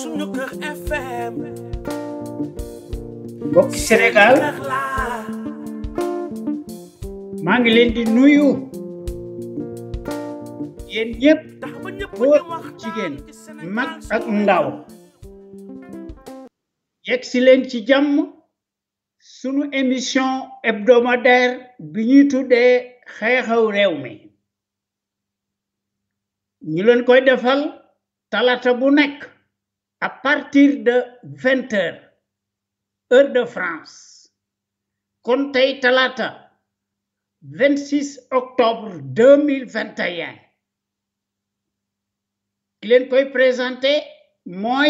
suñu maa ngi leen di nuyu yéen ñëpp góor ndaw yegg si leen ci jàmm sunu émission hebdomadaire bi ñuy tuddee xew réew mi ñu leen koy defal talata bu nekk à partir de 20 h heure de France Conte Talata, 26 octobre 2021 je leen présenté moi,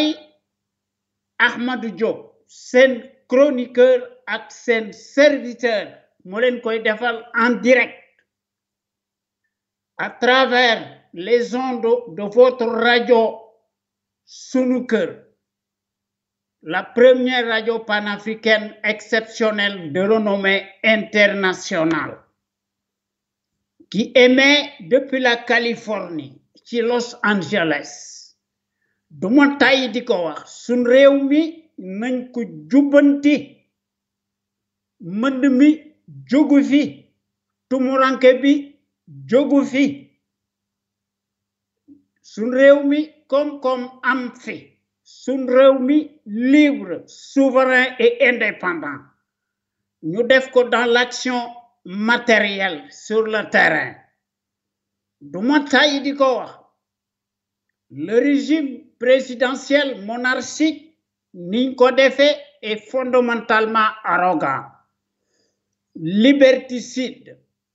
Ahmadou Diop scène chroniqueur et scène serviteur Je en direct à travers les ondes de votre radio sunu la première radio panafricaine exceptionnelle de renommée internationale qui émet depuis la Californie chez Los Angeles de mon tàyyi Sunreumi ko wax suñ réew mi sun sommes comme comme amfi am fi libre souverain et indépendant Nous devons ko dans l'action matérielle sur le terrain du ma le régime présidentiel monarchique niñ ko est fondamentalement arrogant liberticide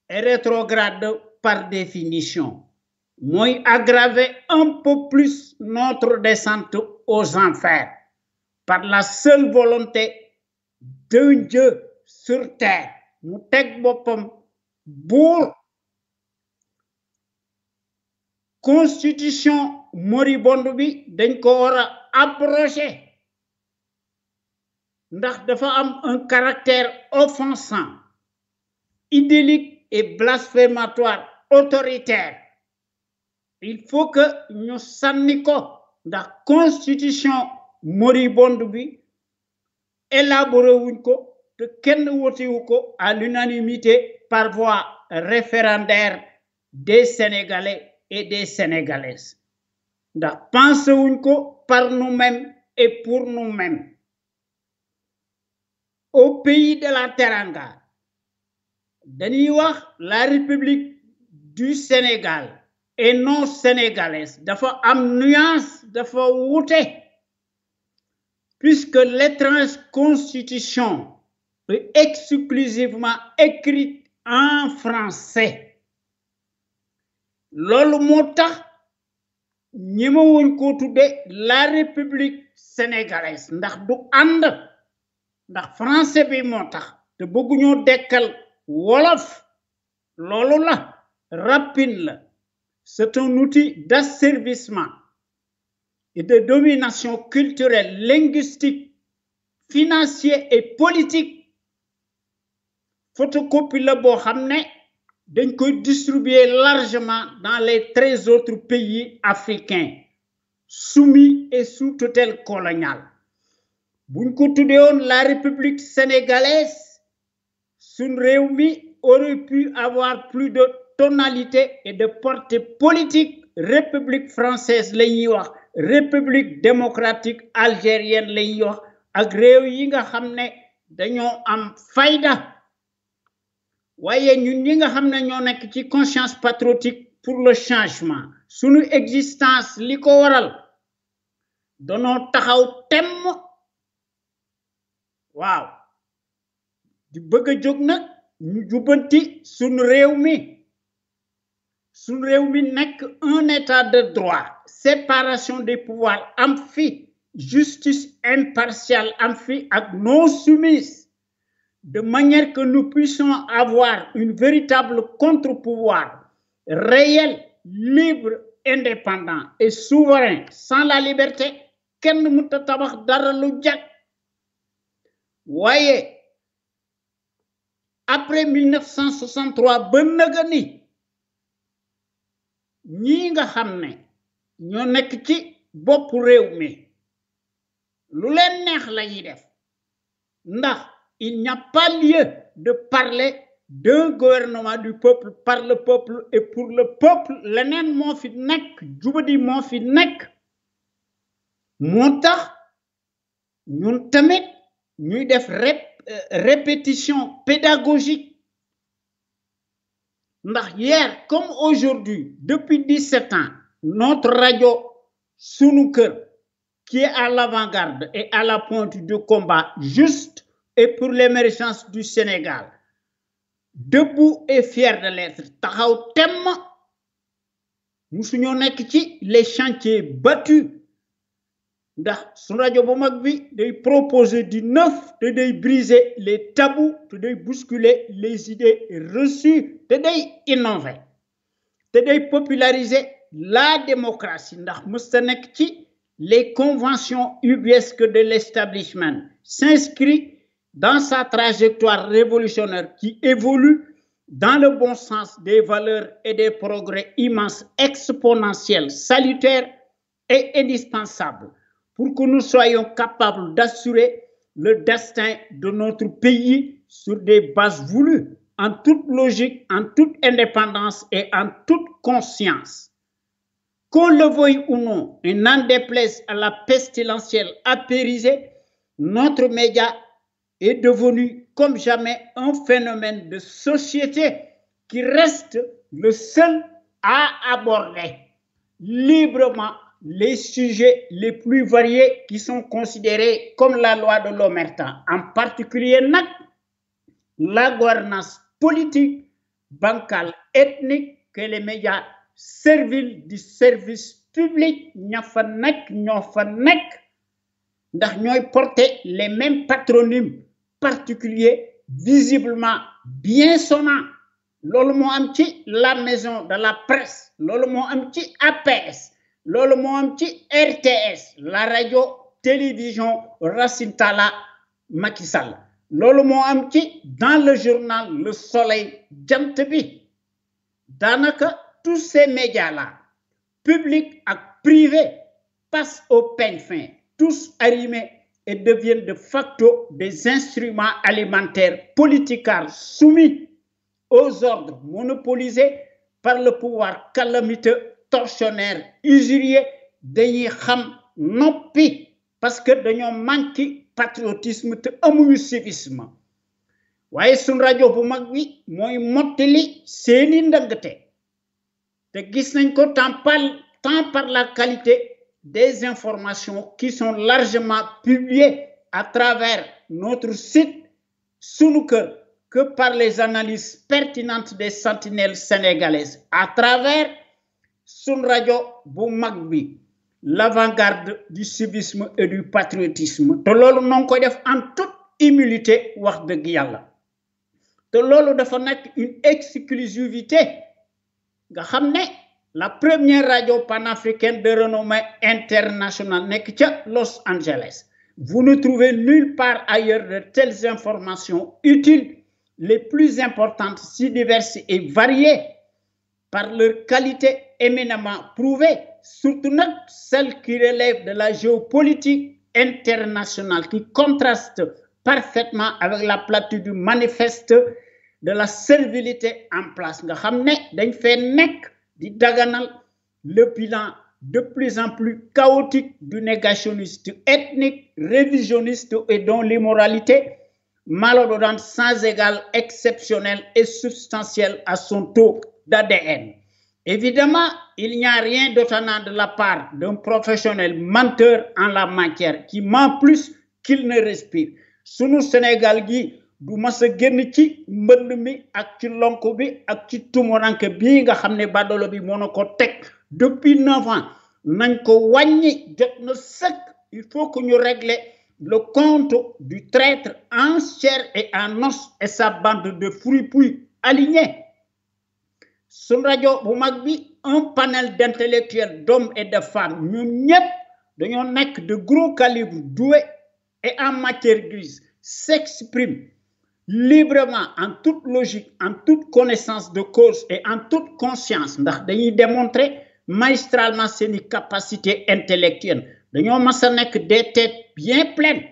et rétrograde par définition moi aggraver un peu plus notre descente aux enfers par la seule volonté d'un Dieu sur terre mu d'un de constitution moribonde bi Nous ko un caractère offensant idyllique et blasphématoire autoritaire il faut que nous sànni la constitution moribonde bi élaboré à l'unanimité par voie référendaire des sénégalais et des sénégalaises Nous pensée par nous-mêmes et pour nous-mêmes au pays de la teranga la république du Sénégal et non sénégalaise dafa am nuance dafa wuute puisque l'étrange constitution est exclusivement écrite en français Lolo moo tax ñi la république sénégalaise ndax du and ndax français bi motax Te C'est bëgguñoo dekkal wolof loolu la rapine la c'est un outil d'asservissement et de domination culturelle, linguistique, financière et politique. Photocopie la donc largement dans les 13 autres pays africains soumis et sous tutelle coloniale. la République sénégalaise aurait pu avoir plus de tonalité et de portée politique république française la wax république démocratique algérienne la ñuy wax ak réew yi nga xamné dañoo am fayda waye ñun ñi nga xamné ñoo ci conscience patriotique pour le changement suñu existence liko ko waral danoo taxaw temm waaw di bëgg jog nak ñu jubanti suñu réew mi sous réew un état de droit séparation des pouvoirs amphi justice impartiale am ak non soumise de manière que nous puissions avoir une véritable contre-pouvoir réel libre indépendant et souverain sans la liberté kenn voyez dara lu Voyez, après 1963 ba nga il n'y a pas lieu de parler d'un gouvernement du peuple par le peuple et pour le peuple nous mo fi nekk mo fi nekk ñun euh, répétition pédagogique hier comme aujourd'hui depuis 17 ans notre radio sunu qui est à l'avant-garde et à la pointe du combat juste et pour l'émergence du Sénégal debout et fier de l'être taxaw temm les chantiers battus ndax sun rajo bu proposer du neuf de briser les tabous de bousculer les idées reçues de innover de populariser la démocratie les conventions ubiesques de l'establishment s'inscrit dans sa trajectoire révolutionnaire qui évolue dans le bon sens des valeurs et des progrès immenses exponentiels salutaires et indispensables pour que nous soyons capables d'assurer le destin de notre pays sur des bases voulues, en toute logique, en toute indépendance et en toute conscience. Qu'on le veuille ou non, et n'en déplaise à la pestilentielle apérisée, notre média est devenu comme jamais un phénomène de société qui reste le seul à aborder librement les sujets les plus variés qui sont considérés comme la loi de l'Omerta, en particulier la gouvernance politique, bancale, ethnique que les médias servent du service public Nous avons porté les mêmes patronymes particuliers visiblement bien sonnants loolu la maison de la presse loolu Amti, APS lolu Amti, RTS la radio, télévision Racine Tala, Macky Sall dans le journal Le Soleil jant bi tous ces médias là publics ak privés passent au peigne fin tous arrimés et deviennent de facto des instruments alimentaires politiques soumis aux ordres monopolisés par le pouvoir calamiteux tortionnaire usurier dañuy xam noppi parce que dañoo manqué patriotisme te amuñu civisme waaye sun rajo bu mag bi mooy mottali seeni ndëngte te gis nañ ko tant par tant par la qualité des informations qui sont largement publiées à travers notre site sunu kër que par les analyses pertinentes des sentinelles sénégalaises à travers son radio bu mag l'avant-garde du civisme et du patriotisme te lolou noo ko def en toute humilité wax de yalla te une exclusivité nga la première radio panafricaine de renommée internationale nek ci Los Angeles vous ne trouvez nulle part ailleurs de telles informations utiles les plus importantes si diverses et variées par leur qualité éminemment prouvée, surtout celle qui relève de la géopolitique internationale, qui contraste parfaitement avec la platitude manifeste de la servilité en place. Nga avons daganal le bilan de plus en plus chaotique du négationnisme ethnique, révisionniste et dont l'immoralité malheureusement sans égal, exceptionnelle et substantielle à son taux d'ADN. Évidemment, il n'y a rien d'étonnant de la part d'un professionnel menteur en la matière qui ment plus qu'il ne respire. Sous Sénégal nous du ma sa génn ci mi ak ci bi depuis 9 ans nous ko il faut que nous régler le compte du traître en chair et en os et sa bande de fruits puis alignés ce Radio bu un panel d'intellectuels, d'hommes et de femmes ñun ñep de gros calibre doués et en matière grise s'exprime librement en toute logique en toute connaissance de cause et en toute conscience ndax dañuy démontrer magistralement ses capacités intellectuelles. dañu massa des têtes bien pleines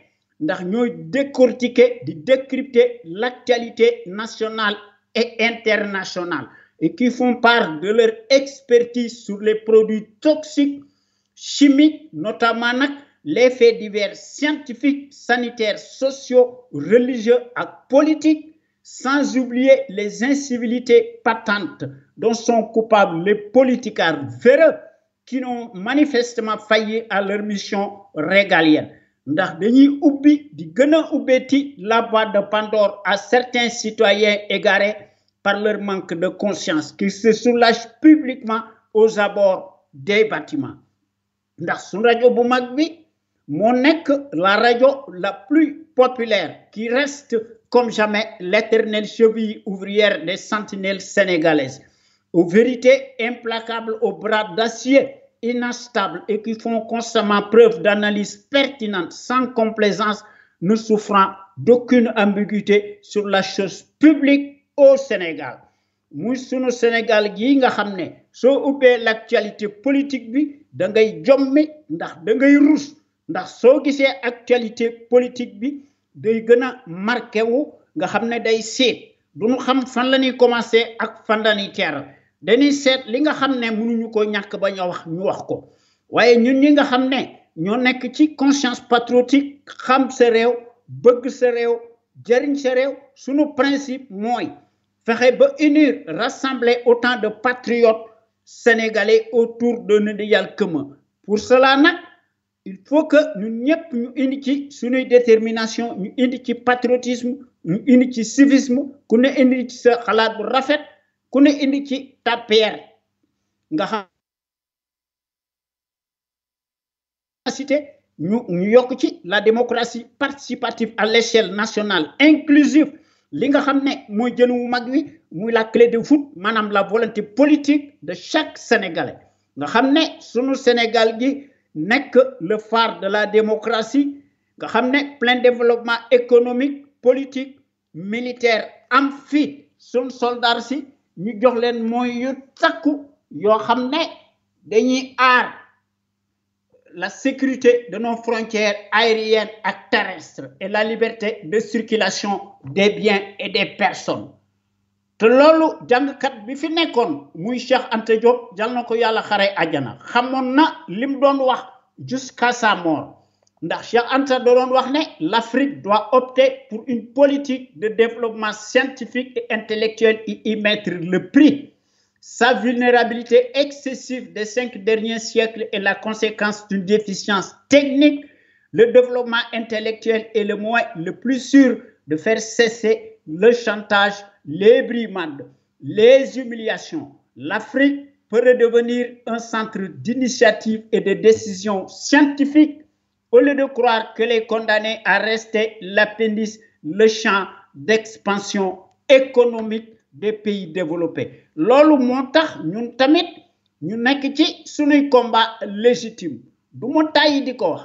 ndax ñoy décortiquer décrypter l'actualité nationale et internationale et qui font part de leur expertise sur les produits toxiques, chimiques, notamment les faits divers scientifiques, sanitaires, sociaux, religieux et politiques, sans oublier les incivilités patentes dont sont coupables les politiciens véreux qui n'ont manifestement failli à leur mission régalienne. Nous dañuy oublié di la boîte de Pandore à certains citoyens égarés par leur manque de conscience qui se soulagent publiquement aux abords des bâtiments Dans son radio bu mag bi la radio la plus populaire qui reste comme jamais l'éternelle cheville ouvrière des sentinelles sénégalaises aux vérités implacables aux bras d'acier inestables et qui font constamment preuve d'analyse pertinente sans complaisance ne souffrant d'aucune ambiguïté sur la chose publique au Sénégal muy sunu Sénégal gi nga xam so l'actualité politique bi da ngay jommi ndax da ngay rus ndax so actualité politique bi day gëna marqué wu nga Nous day sét duñu xam fan la commencé ak fan la dañuy li nga ko conscience patriotique xam sa rew bëgg jëriñ sa sous nos principes, moi, fexe ba unir rassembler autant de patriotes sénégalais autour de nous. pour cela il faut que nous nous ñu détermination ñu indi ci patriotisme nous indiquions civisme nous indiquions indi ci sa xalaat bu rafet nous indi ci cité ñu ñu la démocratie participative à l'échelle nationale inclusive li nga xam ne mooy la clé de voûte manam la volonté politique de chaque sénégalais nga xamné sunu Sénégal gi nek le phare de la démocratie nga xamné plein développement économique politique militaire am fi sun soldats, ci ñu jox len moy yu takku yo xamné dañuy la sécurité de nos frontières aériennes et terrestres et la liberté de circulation des biens et des personnes bi fi jusqu'à sa mort l'Afrique doit opter pour une politique de développement scientifique et intellectuel et y mettre le prix sa vulnérabilité excessive des cinq derniers siècles est la conséquence d'une déficience technique. Le développement intellectuel est le moyen le plus sûr de faire cesser le chantage, les brimades, les humiliations. L'Afrique peut redevenir un centre d'initiative et de décision scientifiques au lieu de croire que les condamnés à rester l'appendice, le champ d'expansion économique des pays développés Lolo moo nous ñun tamit nous nekk ci suñuy combat légitime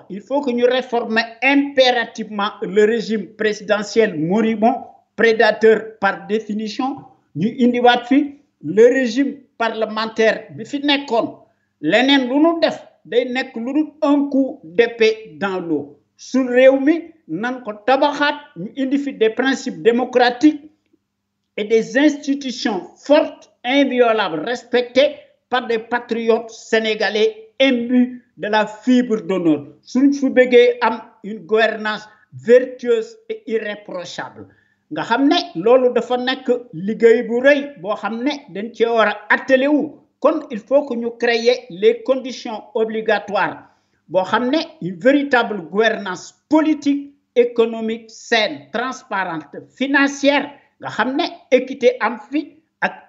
il faut que nous réformions impérativement le régime présidentiel moribond prédateur par définition ñu le régime parlementaire bi fi nekkoon nous nous un coup d'épée dans l'eau Nous réew mi nan des principes démocratiques et des institutions fortes, inviolables, respectées par des patriotes sénégalais émus de la fibre d'honneur. Nous fu une gouvernance vertueuse et irréprochable nga lolu dafa bu dañ il faut que ñu créer les conditions obligatoires pour une véritable gouvernance politique économique saine transparente financière nga xamné équité am fi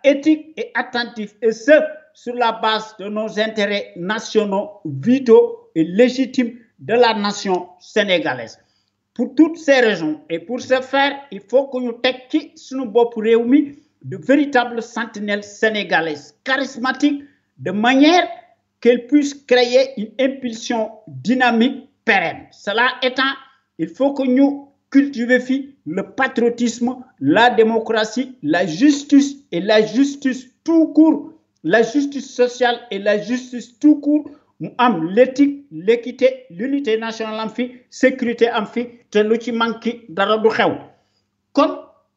éthique et attentif et ce sur la base de nos intérêts nationaux vitaux et légitimes de la nation sénégalaise pour toutes ces raisons et pour ce faire il faut que nous teg ci suñu bop de véritables sentinelles sénégalaises charismatiques de manière qu'elles puissent créer une impulsion dynamique pérenne cela étant il faut que nous cultiver le patriotisme, la démocratie, la justice et la justice tout court, la justice sociale et la justice tout court, nous am l'éthique l'équité l'unité nationale am sécurité am fi te lu ci manqué dara du xew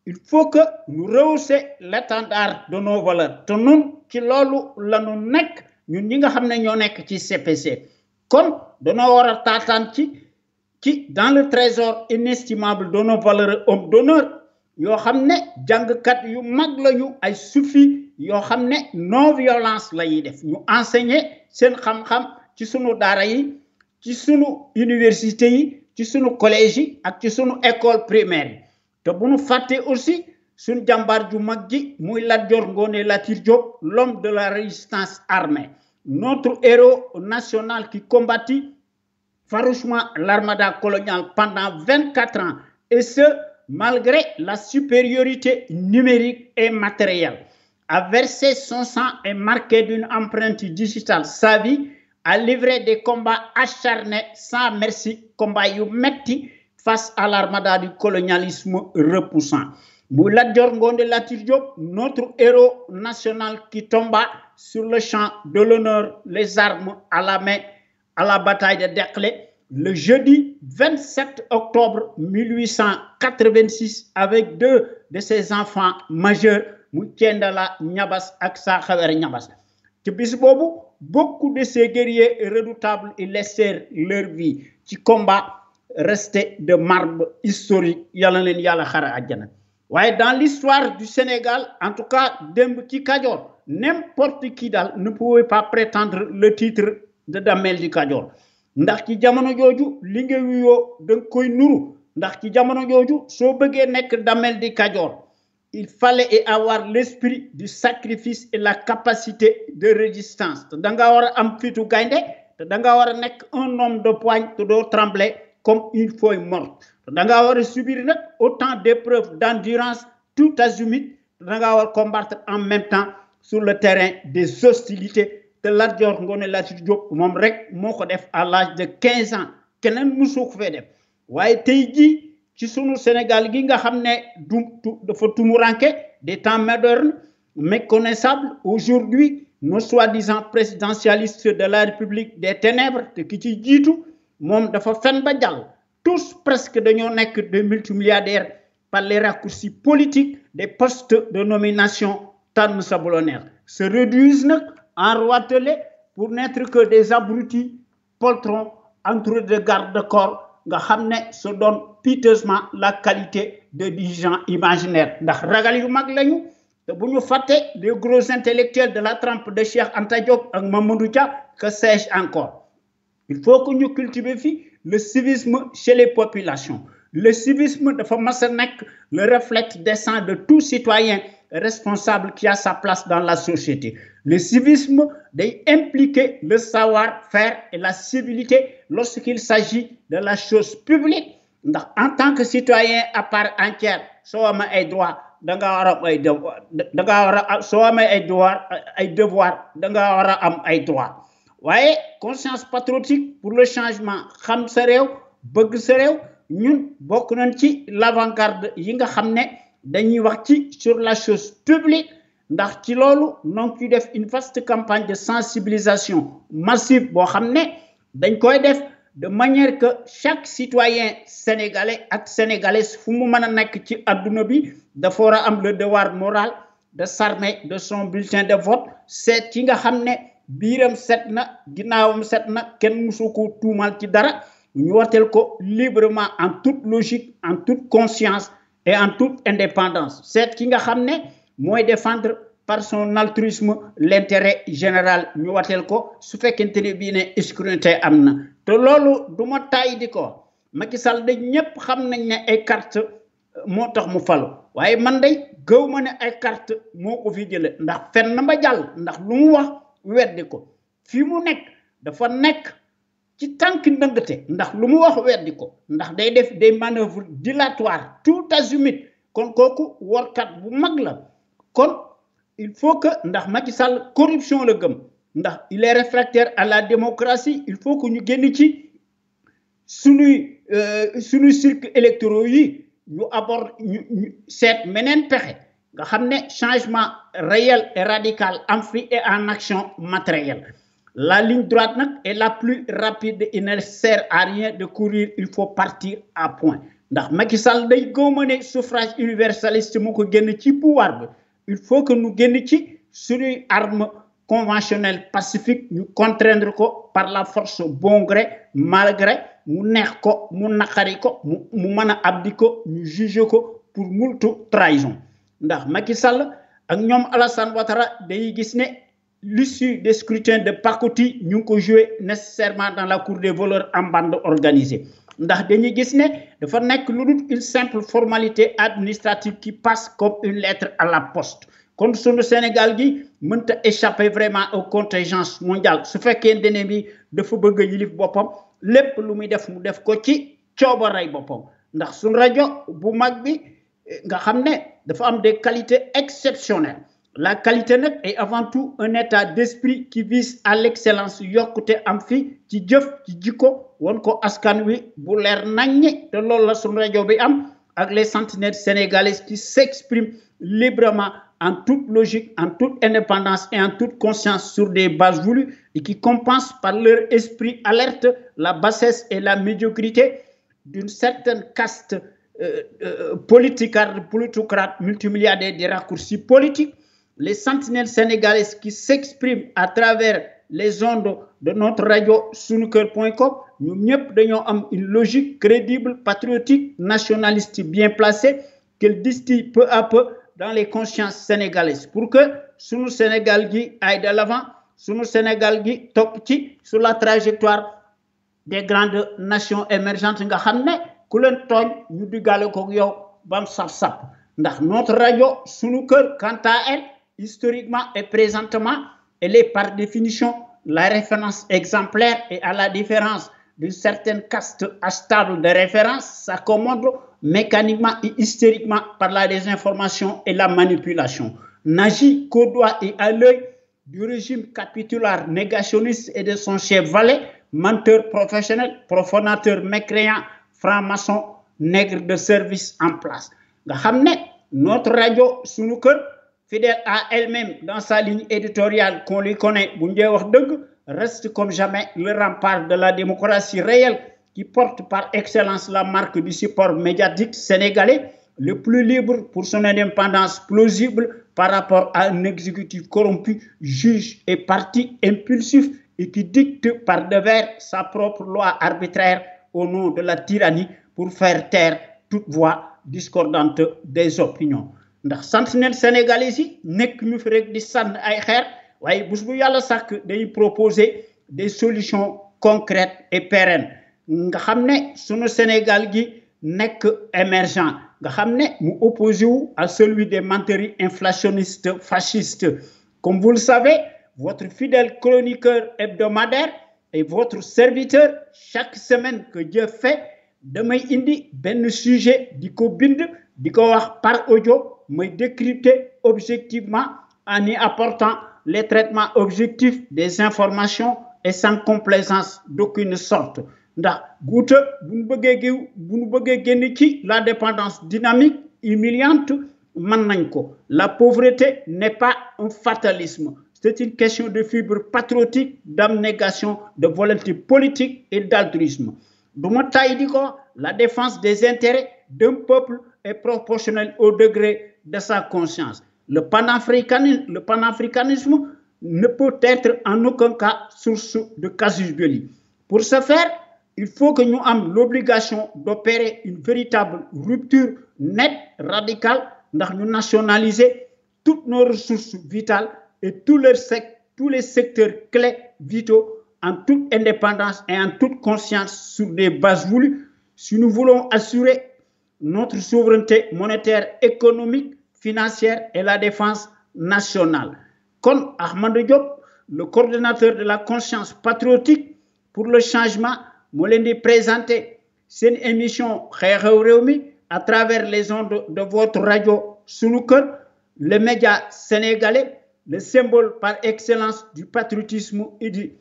il faut que nous rehausser l'étendard de nos valeurs te nous ci loolu la ñu nekk ñun nga nek ci CPC Comme nous war qui dans le trésor inestimable de nos valeurs hommes d'honneur yo qui ne yu mag lañu ay sufi non violence la def ñu enseigner seen xam-xam ci sunu dara yi ci sunu université yi ci sunu collège ak ci sunu école primaire aussi sun l'homme de la résistance armée notre héros national qui combattit farouchement l'armada coloniale pendant 24 ans, et ce, malgré la supériorité numérique et matérielle. A versé son sang et marqué d'une empreinte digitale sa vie, a livré des combats acharnés sans merci, combats metti face à l'armada du colonialisme repoussant. Boulad de Latir notre héros national qui tomba sur le champ de l'honneur, les armes à la main, à la bataille de déclé le jeudi 27 octobre 1886 avec deux de ses enfants majeurs Moukiendala, Nyabas, nyabas aksa Nyabas. beaucoup de ces guerriers redoutables et laissèrent leur vie qui combat resté de marbre historique dans l'histoire du Sénégal en tout cas d'un petit n'importe qui ne pouvait pas prétendre le titre da damel di kadior ndax ci jamono joju li nga wuyo dang koy nuru ndax ci jamono joju so beugé nek dammeel di kadior il fallait avoir l'esprit du sacrifice et la capacité de résistance te da nga war am fitu gaynde te da nga un homme de poigne te doo trembler comme une feuille morte te da nga war subir nak autant d'épreuves d'endurance tout azimut te da nga war combattre en même temps sur le terrain des hostilités te à l'âge de 15 ans nous musu ko nous def waye que nous ci sunu Sénégal gi nga xam du dafa tumuranke des temps modernes méconnaissables aujourd'hui nos soi-disant présidentialistes de la République des ténèbres te ki ci jitu mom dafa fen ba tous presque dañoo nek des multimilliardaires par les raccourcis politiques des postes de nomination de sa Ils se réduisent en pour n'être que des abrutis poltrons entre de gardes corps nga se donne piteusement la qualité de dirigeants imaginaires ndax ragal yu mag lañu te bu de des gros intellectuels de la trempe de Cheikh Anta Diop ak Mamadou que sais-je encore il faut que nous cultivions le civisme chez les populations le civisme de mas a nekk le reflet décent de tout citoyen responsable qui a sa place dans la société. Le civisme implique impliquer le savoir-faire et la civilité lorsqu'il s'agit de la chose publique en tant que citoyen à part entière soit ma ay droit devoir devoir conscience patriotique pour le changement xam sa l'avant-garde nga dañuy wax ci sur la chose publique ndax ci loolu noo ci def une vaste campagne de sensibilisation massive boo xam ne dañ koy def de manière que chaque citoyen sénégalais ak sénégalaise fu mu mën a nekk ci adduna bi dafa war a am le devoir moral de s'armer de son bulletin de vote seet ki nga xam ne biiram set na ginnaawam set na kenn musu ko tuumal ci dara ñu wartel ko librement en toute logique en toute conscience et en toute indépendance C'est qui nga xam défendre par son altruisme l'intérêt général ñu watel ko su fekkente bi ne scrutin am te Macky ay carte euh, mu man day ay carte fi jël ndax fenn ba ndax ci tank ndëngate ndax lu mu wax weddi ndax day def des manœuvres dilatoires tout azimut kon koku workat bu mag la kon il faut que ndax Macky Sall corruption la gëm ndax il est réfractaire à la démocratie il faut que ñu génn ci suñuy euh, suñu cirque électoraux yi ñu abord ñu ñu menen pexé nga xamné changement réel et radical en fi et en action matérielle la ligne droite est la plus rapide. Il ne sert à rien de courir. Il faut partir à point. ndax Macky Sall day góomane suffrage universaliste moko ko ci pouvoir bi il faut que nous génn ci suñuy arme conventionnelle pacifique ñu contraindre ko par la force bon gré mal gré mu neex ko mu naqari ko mu mu mën a abdi ko ñu juge ko pour multu trahison ndax Macky Sall ak ñom Alassane Ouattara day gis ne l'issue des scrutins de Pakoti, ñu ngi ko joué nécessairement dans la cour des voleurs en bande organisée Nous avons gis que dafa avons une simple formalité administrative qui passe comme une lettre à la poste Comme le Sénégal nous avons échapper vraiment aux contingences mondiales su fait qu'un bi dafa bëgg a yilif boppam lépp lu muy def mu def ko ci coobaray boppam ndax sunu rajo bu mag bi eh, nga xam des qualités exceptionnelles la qualité est avant tout un état d'esprit qui vise à l'excellence Yokute am les centenaires sénégalais qui s'expriment librement en toute logique, en toute indépendance et en toute conscience sur des bases voulues et qui compensent par leur esprit alerte la bassesse et la médiocrité d'une certaine caste politique, euh, euh multimilliardaire des raccourcis politiques les sentinelles sénégalaises qui s'expriment à travers les ondes de notre radio sunuker.com nous ñëpp dañoo une logique crédible patriotique nationaliste bien placée qu'elle distille peu à peu dans les consciences sénégalaises pour que sunu Sénégal aille de l'avant sunu Sénégal gi sur la trajectoire des grandes nations émergentes nga ku que ñu ko notre radio sunu quant à elle historiquement et présentement, elle est par définition la référence exemplaire et à la différence d'une certaine caste à de référence s'accommode mécaniquement et hystériquement par la désinformation et la manipulation. N'agit qu'au doigt et à l'œil du régime capitulaire négationniste et de son chef valet, menteur professionnel, profanateur mécréant, franc-maçon, nègre de service en place. Notre radio, sous fidèle à elle-même dans sa ligne éditoriale qu'on lui connaît, reste comme jamais le rempart de la démocratie réelle qui porte par excellence la marque du support médiatique sénégalais le plus libre pour son indépendance plausible par rapport à un exécutif corrompu, juge et parti impulsif et qui dicte par devers sa propre loi arbitraire au nom de la tyrannie pour faire taire toute voix discordante des opinions ndax sentinelle sénégalais yi nekk ñu fi rek di proposer des solutions concrètes et pérennes nga xam ne Sénégal gi nekk émergent Nous xam à celui des menteries inflationnistes fascistes comme vous le savez votre fidèle chroniqueur hebdomadaire et votre serviteur chaque semaine que Dieu fait damay indi benn sujet di bind wax par audio mais décrypter objectivement en y apportant les traitements objectifs des informations et sans complaisance d'aucune sorte la dépendance dynamique humiliante la pauvreté n'est pas un fatalisme c'est une question de fibre patriotique d'abnégation de volonté politique et d'altruisme la défense des intérêts d'un peuple est proportionnelle au degré de sa conscience. Le, panafricanisme, le panafricanisme ne peut être en aucun cas source de casus belli. Pour ce faire, il faut que nous ayons l'obligation d'opérer une véritable rupture nette, radicale, dans nous nationaliser toutes nos ressources vitales et tous, tous les secteurs clés vitaux en toute indépendance et en toute conscience sur des bases voulues si nous voulons assurer notre souveraineté monétaire, économique, financière et la défense nationale. Comme Armand Diop, le coordinateur de la conscience patriotique pour le changement, m'a présenté cette émission à travers les ondes de votre radio Sunukur, le média sénégalais, le symbole par excellence du patriotisme et du,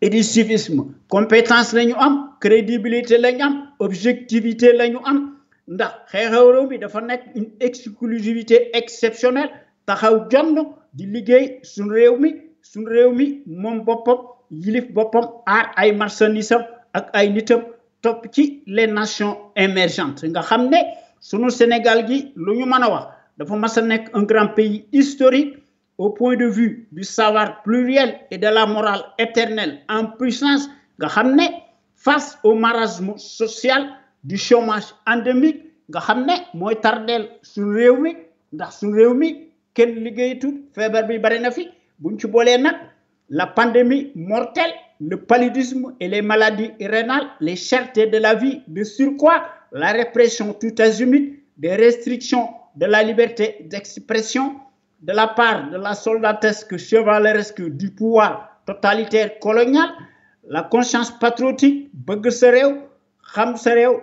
et du civisme. Compétence, crédibilité, objectivité, ndax xew-xew une exclusivité exceptionnelle taxaw jonn di liggéey suñ réew mi suñ réew mi moom yilif bopom aar ay marchandisam ak ay top ci les nations émergentes nga xam ne sunu Sénégal gi lu ñu mën wax a un grand pays historique au point de vue du savoir pluriel et de la morale éternelle en puissance nga ne face au marasme social du chômage endémique nga ndax bi bari la pandémie mortelle le paludisme et les maladies rénales les chertés de la vie de surcroît la répression tout azimut des restrictions de la liberté d'expression de la part de la soldatesque chevaleresque du pouvoir totalitaire colonial la conscience patriotique bëgg Ram Séréo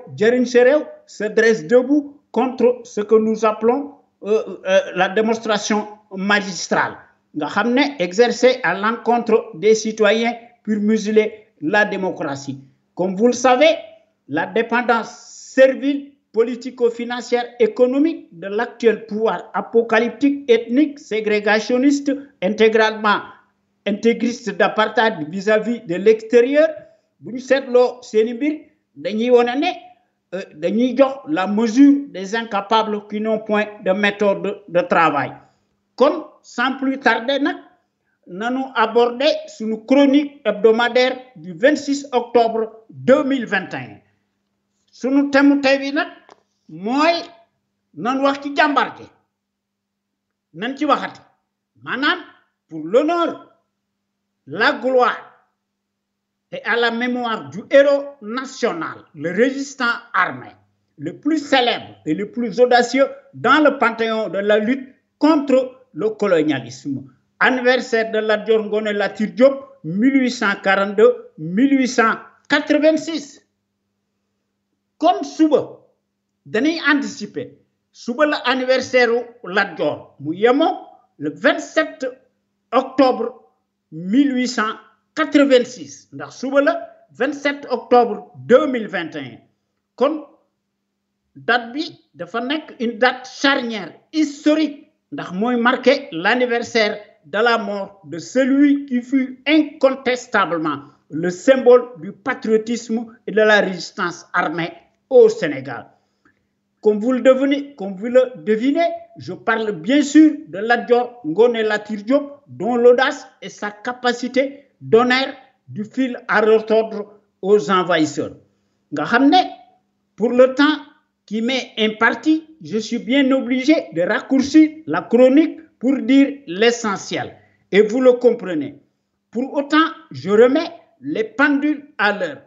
se dresse debout contre ce que nous appelons euh, euh, la démonstration magistrale nga à l'encontre des citoyens pour museler la démocratie comme vous le savez la dépendance servile politico-financière économique de l'actuel pouvoir apocalyptique ethnique ségrégationniste intégralement intégriste d'apartheid vis-à-vis de l'extérieur vous ñu euh, la mesure des incapables qui n'ont point de méthode de travail Comme sans plus tarder nous abordé aborder une chronique hebdomadaire du 26 octobre 2021 Sur notre thème, bi nous mooy de wax pour l'honneur la gloire et à la mémoire du héros national, le résistant armé, le plus célèbre et le plus audacieux dans le panthéon de la lutte contre le colonialisme. Anniversaire de la Diorgone Latir 1842-1886. Comme Souba, dañuy anticipé, suba l'anniversaire de la le 27 octobre 1886. 86 ndax 27 octobre 2021 kon date bi dafa une date charnière historique ndax marqué l'anniversaire de la mort de celui qui fut incontestablement le symbole du patriotisme et de la résistance armée au Sénégal. Comme vous le devinez, je parle bien sûr de l'adjoint Ngoné dont l'audace et sa capacité Donner du fil à retordre aux envahisseurs. Pour le temps qui m'est imparti, je suis bien obligé de raccourcir la chronique pour dire l'essentiel. Et vous le comprenez. Pour autant, je remets les pendules à l'heure.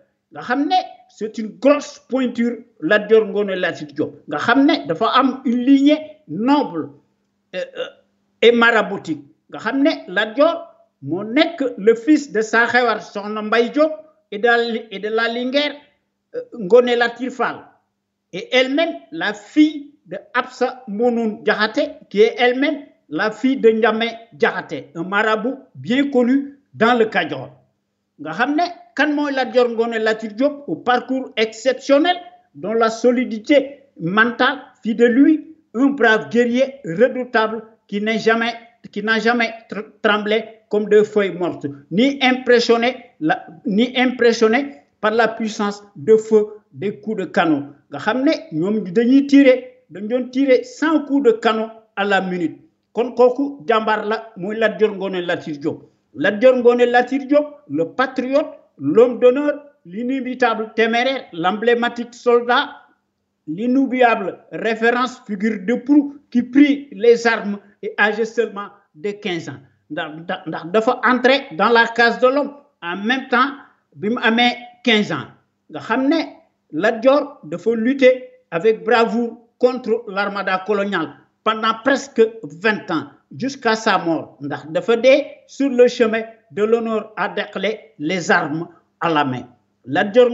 C'est une grosse pointure, la Diorgone dafa am une lignée noble euh, euh, et maraboutique. la Dior mon le fils de sa xewar soxna Mbay Diop et de la lingère euh, Ngoné Tifal. et elle-même la fille de Absa monoun qui est elle-même la fille de Ndiamé Jahate, un marabout bien connu dans le Kajor. nga xamné kan moy la au parcours exceptionnel dont la solidité mentale fit de lui un brave guerrier redoutable qui n'est jamais qui n'a jamais tremblé comme deux feuilles mortes, ni impressionné, ni impressionné par la puissance de feu des coups de canon. nga xamné ñom ñoom dañuy tirer dañ tirer cent coups de canon à la minute kon koku jambar la muy Lat la Ngoné Latyr Diop Lat Dior Ngoné le patriote l'homme d'honneur l'inimitable téméraire l'emblématique soldat l'inoubliable référence figure de proue qui prit les armes et âgé seulement de 15 ans ndax ndax entrer dans la case de l'homme en même temps qu'il a 15 ans Il faut la lutter avec bravoure contre l'armada coloniale pendant presque 20 ans jusqu'à sa mort Il dafa sur le chemin de l'honneur à les armes à la main la Dior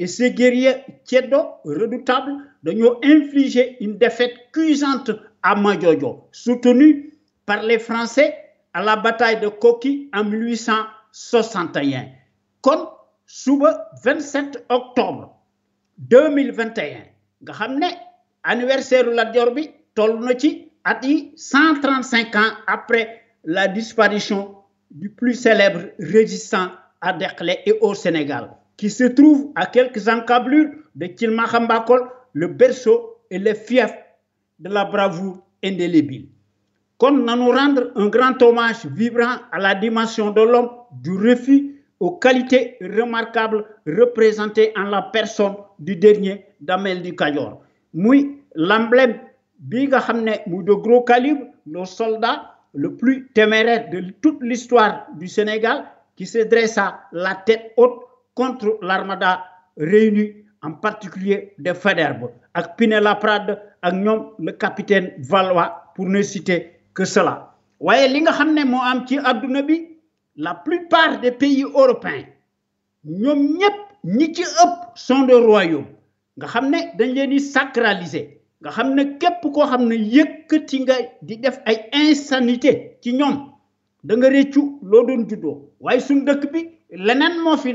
et ses guerriers ceddo redoutables ont infliger une défaite cuisante à Majojo, soutenu par les Français à la bataille de Koki en 1861. Comme sous le 27 octobre 2021, nga anniversaire de la Diorbi, 135 ans après la disparition du plus célèbre résistant à Dakhla et au Sénégal, qui se trouve à quelques encablures de Kilmakhambakol, le berceau et le fief de la bravoure indélébile. Qu'on nous rendre un grand hommage vibrant à la dimension de l'homme, du refus aux qualités remarquables représentées en la personne du dernier Damel du Cayor. oui l'emblème de gros calibre, nos soldats, le plus téméraire de toute l'histoire du Sénégal, qui se dressa la tête haute contre l'armada réunie en particulier de Faderbe, avec Pinelaprade, Prade, avec le capitaine Valois, pour ne citer que cela. Vous voyez, ce la plupart des pays européens, ils ñëpp ñi sont de des nga Ils ne dañ leen di sacraliser nga xam ne képp koo xam ne sont nga di def ay insanité ci ñoom da nga réccu doon dëkk bi fi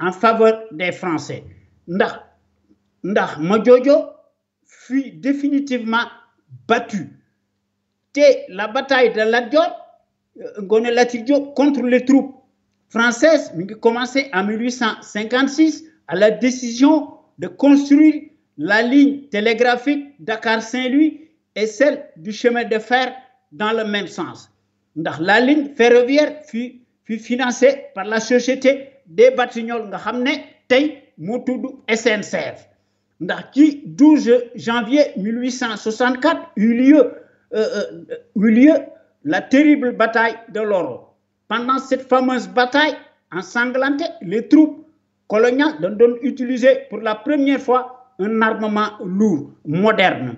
en faveur des Français ndax ndax Madiodio fut définitivement battu Té la bataille de la Dior euh, contre les troupes françaises mi commencé en 1856 à la décision de construire la ligne télégraphique Dakar-Saint-Louis et celle du chemin de fer dans le même sens la ligne ferroviaire fut fut financée par la société des batignolles nga xamné tay mo SNCF ndax 12 janvier 1864 eut lieu euh, euh, lieu la terrible bataille de Loro pendant cette fameuse bataille ensanglantée les troupes coloniales ont utilisé utiliser pour la première fois un armement lourd moderne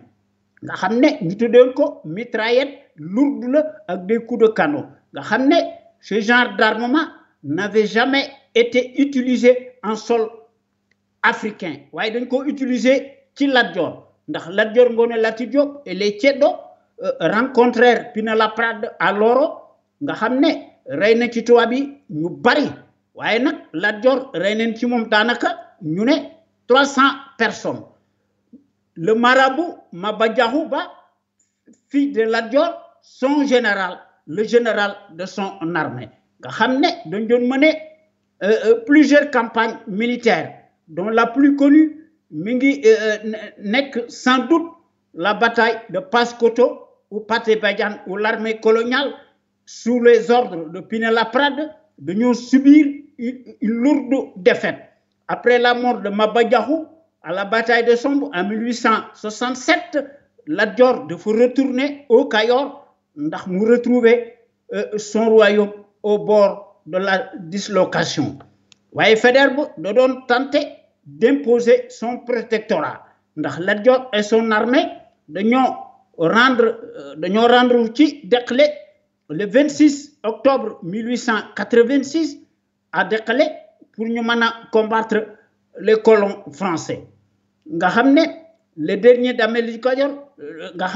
nga xamné ñu ko mitraillette lourde des coups de canon nga ce genre d'armement n'avait jamais était utilisé en sol africain waaye dañ ko utilisé ci Lat Joor ndax Lat Joor Ngoone et les Ceddo euh, rencontrèrent la laprade à Loro nga xam ne rey na ci tubaab yi ñu bari waaye nak Lat Joor ci moom daanaka ñu ne trois cents personnes le marabout Maba Diakhou Ba fils de Lat son général le général de son armée nga xam ne dañ doon euh, euh, plusieurs campagnes militaires, dont la plus connue mingi euh, n'est sans doute la bataille de Pascoto ou Bayan, où l'armée coloniale, sous les ordres de Pinelaprade, Prade, de subir une, lourde défaite. Après la mort de Mabadjahou, à la bataille de sombre en 1867, la Dior de retourner au Cayor, pour retrouver son royaume au bord de la dislocation. Waye Faidherbe da tenter d'imposer son protectorat ndax et son armée dañoo rendre euh, dañoo rendre le 26 octobre 1886 à pour combattre les colons français nga xamné les le dernier d'Amélie euh, nga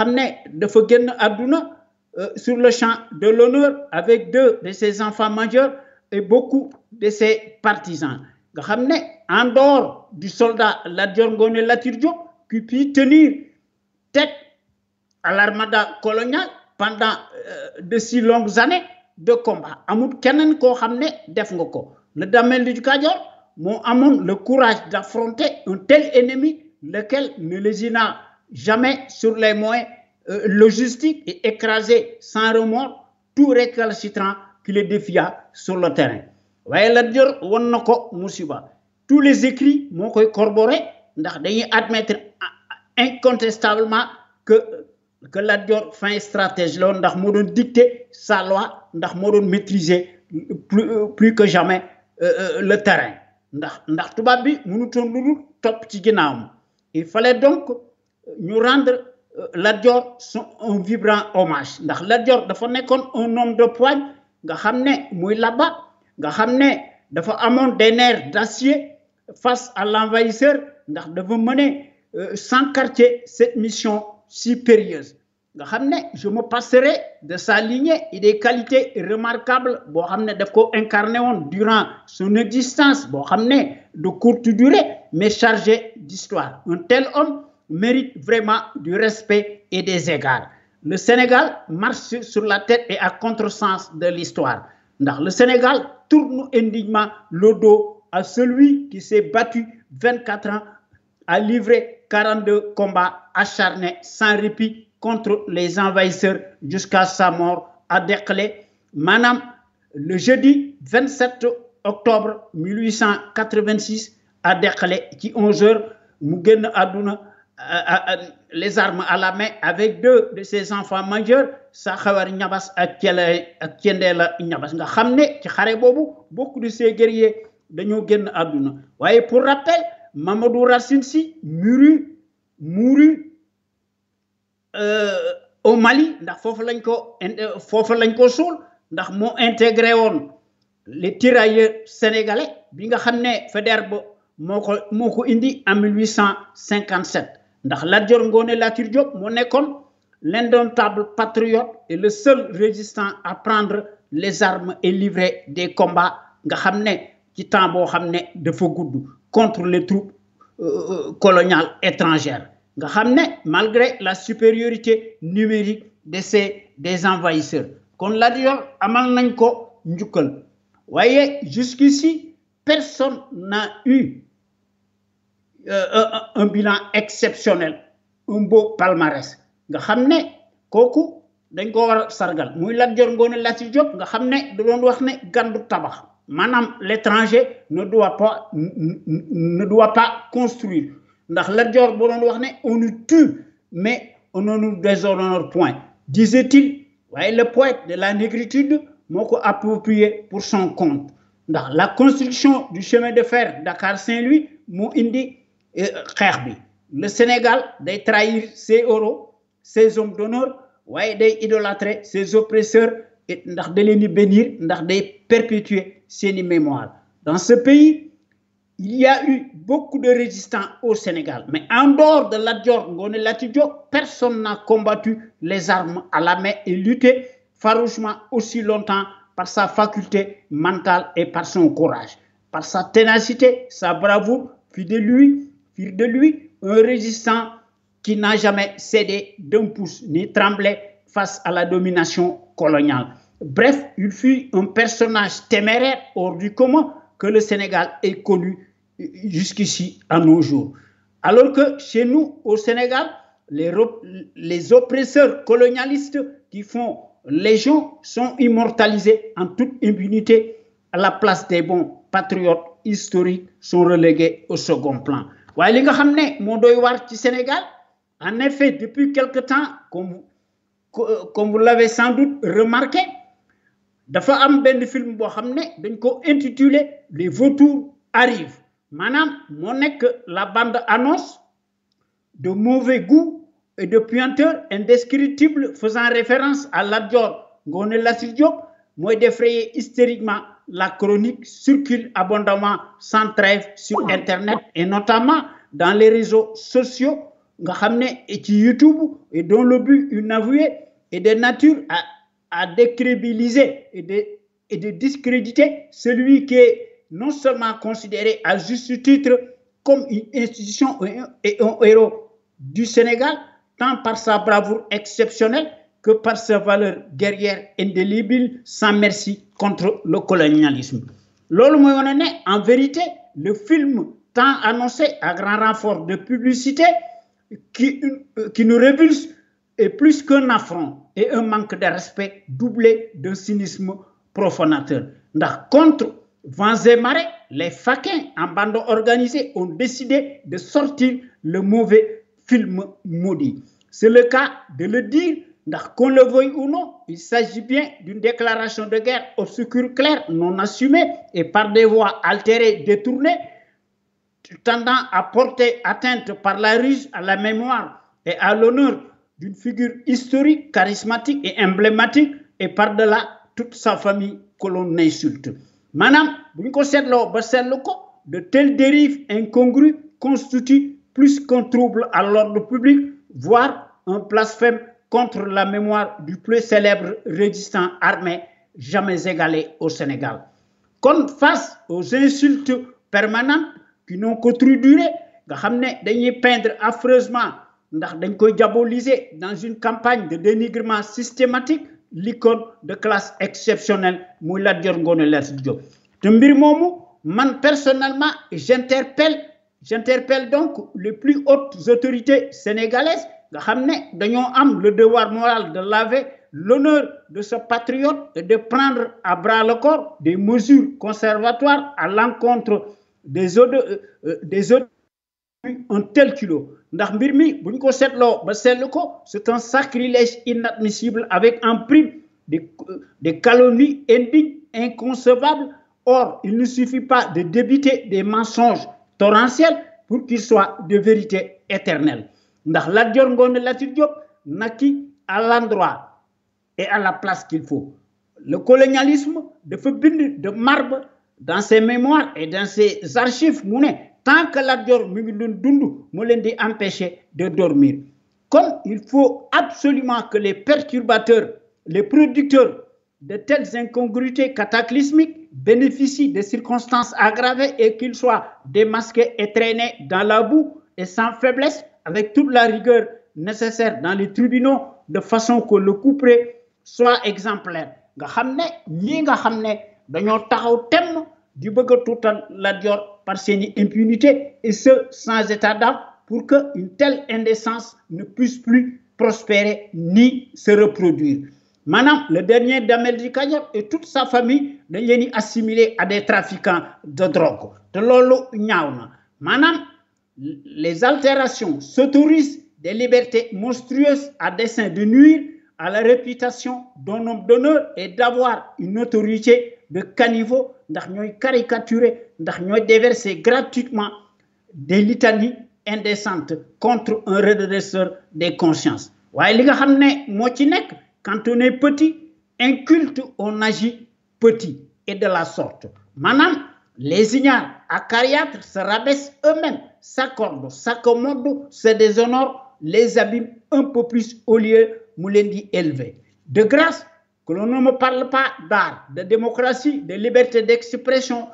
dafa génn euh, sur le champ de l'honneur avec deux de ses enfants majeurs et beaucoup de ses partisans. nga en dehors du soldat Ladjongone Latirjo qui put tenir tête à l'armada coloniale pendant euh, de si longues années de combat amul keneen ko xam le Damel du kajor mon le courage d'affronter un tel ennemi lequel ne lesina jamais sur les moyens euh, logistique et écrasé sans remords tout récalcitrant qui les défia sur le terrain Dior tous les écrits m'ont corroboré, corroborer admettre incontestablement que que la Dior fin stratégie la sa loi ndax maîtriser plus que jamais euh, euh, le terrain il fallait donc nous rendre euh, l'adjor sont un vibrant hommage ndax l'adjor un homme de poigne nga xamné là muy laba nga xamné dafa des nerfs d'acier face à l'envahisseur ndax dafa mener euh, sans quartier cette mission si périlleuse nga je me passerai de sa lignée et des qualités remarquables qui xamné daf ko durant son existence bo xamné de courte durée mais chargée d'histoire un tel homme mérite vraiment du respect et des égards. Le Sénégal marche sur la tête et à contresens de l'histoire. le Sénégal tourne indignement le dos à celui qui s'est battu 24 ans, a livré 42 combats acharnés sans répit contre les envahisseurs jusqu'à sa mort à Derklé. Madame, le jeudi 27 octobre 1886 à déclé qui 11 heures, mu Aduna, les armes à la main avec deux de ses enfants majeurs Sakhawar Niabass ak ak Thiendella Niabass nga xam ci xare beaucoup de ses guerriers dañu genn aduna. Waye pour rappel Mamadou Racine Muru, muru euh, au Mali ndax fofu lañ ko fofu lañ ko ndax mo intégré won les tirailleurs sénégalais bi nga xamné federbo moko moko Moko indi en 1857 ndax l'indomptable patriote et le seul résistant à prendre les armes et livrer des combats nga ci contre les troupes euh, euh, coloniales étrangères nga malgré la supériorité numérique de ces des envahisseurs kon voyez, amal jusqu'ici personne n'a eu euh, euh, un, bilan exceptionnel un beau palmarès nga sargal muy l'étranger ne doit pas ne doit pas construire ndax la on nous tue mais on ne nous déshonore point disait-il le poète de la négritude moko approprié pour son compte la construction du chemin de fer Dakar Saint-Louis mo indi euh, le Sénégal day trahir ses héros ses hommes d'honneur waaye day idolâtrer ses oppresseurs ndax da leen bénir ndax perpétuer mémoire dans ce pays il y a eu beaucoup de résistants au Sénégal mais en dehors de la Dior personne n'a combattu les armes à la main et lutté farouchement aussi longtemps par sa faculté mentale et par son courage par sa ténacité sa bravoure fidèle lui de lui un résistant qui n'a jamais cédé d'un pouce ni tremblé face à la domination coloniale. Bref, il fut un personnage téméraire hors du commun que le Sénégal ait connu jusqu'ici à nos jours. Alors que chez nous, au Sénégal, les, les oppresseurs colonialistes qui font légion sont immortalisés en toute impunité à la place des bons patriotes historiques sont relégués au second plan waaye li nga xam ne Sénégal en effet depuis quelque temps comme comme vous l'avez sans doute remarqué dafa am benn film boo xam dañ intitulé les vautours arrivent Maintenant, moo la bande annonce de mauvais goût et de puanteur indescriptible faisant référence à Lat Dior Ngoné Latyr Diop hystériquement la chronique circule abondamment sans trêve sur Internet et notamment dans les réseaux sociaux, et YouTube, et dont le but, une avouée, est de nature à, décrédibiliser et de, et de discréditer celui qui est non seulement considéré à juste titre comme une institution et un héros du Sénégal, tant par sa bravoure exceptionnelle que par sa valeur guerrière indélébile sans merci contre le colonialisme. L'homme en vérité le film tant annoncé à grand renfort de publicité qui, euh, qui nous révulse est plus qu'un affront et un manque de respect doublé d'un cynisme profanateur contre vents et les faquins en bande organisée ont décidé de sortir le mauvais film maudit c'est le cas de le dire qu'on le veuille ou non il s'agit bien d'une déclaration de guerre obscure claire non assumée et par des voies altérées détournées tendant à porter atteinte par la ruse à la mémoire et à l'honneur d'une figure historique, charismatique et emblématique, et par-delà toute sa famille que l'on insulte. Madame, de telles dérives incongrues constituent plus qu'un trouble à l'ordre public, voire un blasphème contre la mémoire du plus célèbre résistant armé jamais égalé au Sénégal. Comme face aux insultes permanentes qui n'ont que duré, nga peindre affreusement ndax diaboliser dans une campagne de dénigrement systématique l'icône de classe exceptionnelle muy Lat personnellement j'interpelle j'interpelle donc les plus hautes autorités sénégalaises nga xamné le devoir moral de laver l'honneur de ce patriote et de prendre à bras le corps des mesures conservatoires à l'encontre des autres euh, euh, des un tel kilo ndax c'est un sacrilège inadmissible avec en prime des euh, des calomnies indignes inconcevables or il ne suffit pas de débiter des mensonges torrentiels pour qu'ils soient de vérité éternelle ndax la na Ngoné à l'endroit et à la place qu'il faut le colonialisme de bind de marbre dans ses mémoires et dans ses archives tant que la Dior ngi empêcher de dormir comme il faut absolument que les perturbateurs les producteurs de telles incongruités cataclysmiques bénéficient des circonstances aggravées et qu'ils soient démasqués et traînés dans la boue et sans faiblesse avec toute la rigueur nécessaire dans les tribunaux de façon que le coup soit exemplaire nga xam ne nga xam ne dañoo taxaw temm di bëgg tutal l'a Dior par seeni impunité et ce sans état d'âme pour que une telle indécence ne puisse plus prospérer ni se reproduire Manam, le dernier d'Américain et toute sa famille dañ leen di assimiler à des trafiquants de drogue te lolu ñaawna. manam les altérations s'autorisent des libertés monstrueuses à dessein de nuire à la réputation d'un homme d'honneur et d'avoir une autorité de caniveau ndax caricaturé caricaturé, déverser gratuitement des litanies indécentes contre un redresseur des consciences quand on est petit inculte on agit petit et de la sorte Maintenant, les ignares à cariat se rabaissent eux-mêmes, s'accordent, s'accommodent, se déshonorent, les abîment un peu plus au lieu Moulendi élevé. De grâce, que l'on ne me parle pas d'art, de démocratie, de liberté d'expression,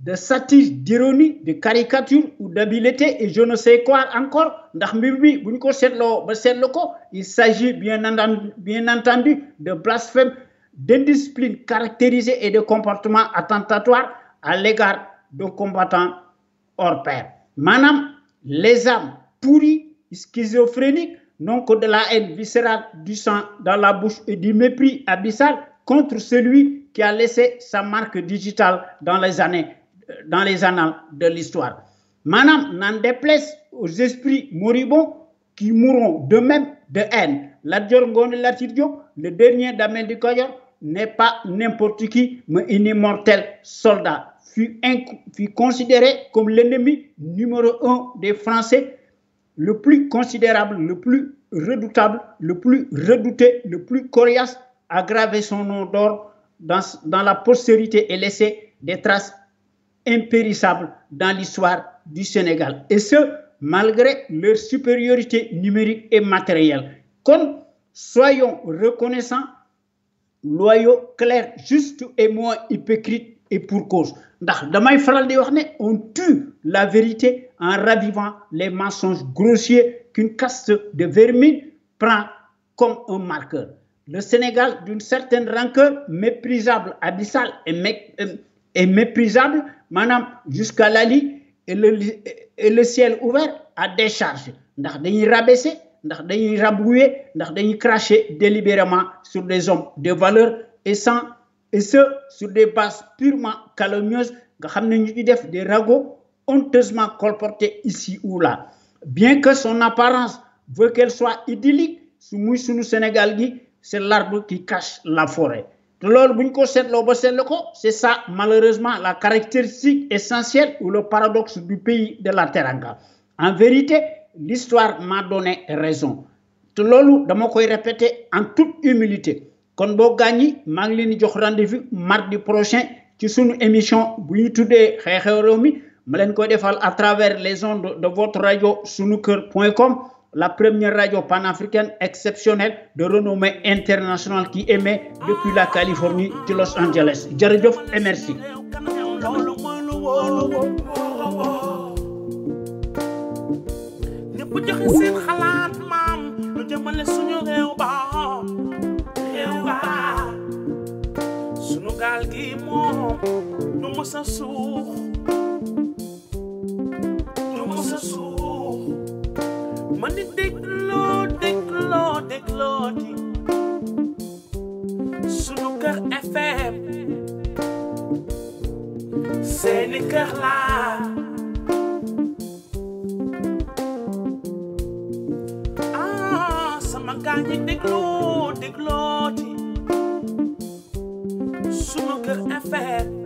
de satire, d'ironie, de caricature ou d'habileté et je ne sais quoi encore. Il s'agit bien entendu de blasphème, d'indiscipline caractérisée et de comportement attentatoire à l'égard de combattants hors pair. Madame, les âmes pourries, schizophréniques, n'ont que de la haine viscérale, du sang dans la bouche et du mépris abyssal contre celui qui a laissé sa marque digitale dans les années, euh, dans les annales de l'histoire. Madame, n'en déplaise aux esprits moribonds qui mourront de même de haine. La dior et le dernier du Koya n'est pas n'importe qui, mais un immortel soldat fut, considéré comme l'ennemi numéro un des Français, le plus considérable, le plus redoutable, le plus redouté, le plus coriace, a gravé son nom d'or dans, dans la postérité et laissé des traces impérissables dans l'histoire du Sénégal. Et ce, malgré leur supériorité numérique et matérielle. Comme soyons reconnaissants, loyaux, clairs, justes et moins hypocrites et pour cause on tue la vérité en ravivant les mensonges grossiers qu'une caste de vermine prend comme un marqueur. Le Sénégal, d'une certaine rancœur méprisable, abyssal et, et méprisable, maintenant jusqu'à la et le, et le ciel ouvert à des ndax dañuy rabaissé, ndax dañuy cracher délibérément sur des hommes de valeur et sans et ce, sur des bases purement calomnieuses, des ragots honteusement colportés ici ou là. Bien que son apparence veuille qu'elle soit idyllique, sous sous le Sénégal c'est l'arbre qui cache la forêt. C'est ça, malheureusement, la caractéristique essentielle ou le paradoxe du pays de la Teranga. En vérité, l'histoire m'a donné raison. mon je répéter en toute humilité kon vous gagnez, ma ngi rendez-vous mardi prochain ci sunu émission bu ñu tuddee Je vous mi ma à travers les ondes de votre radio sunuker.com la première radio panafricaine exceptionnelle de renommée internationale qui émet depuis la Californie de Los Angeles Djeridjof et merci. gaal gi moom du mës a suux du mës a kër FM seeni kër ah sama gaañ yi dégloo dégloo di Snooker FM.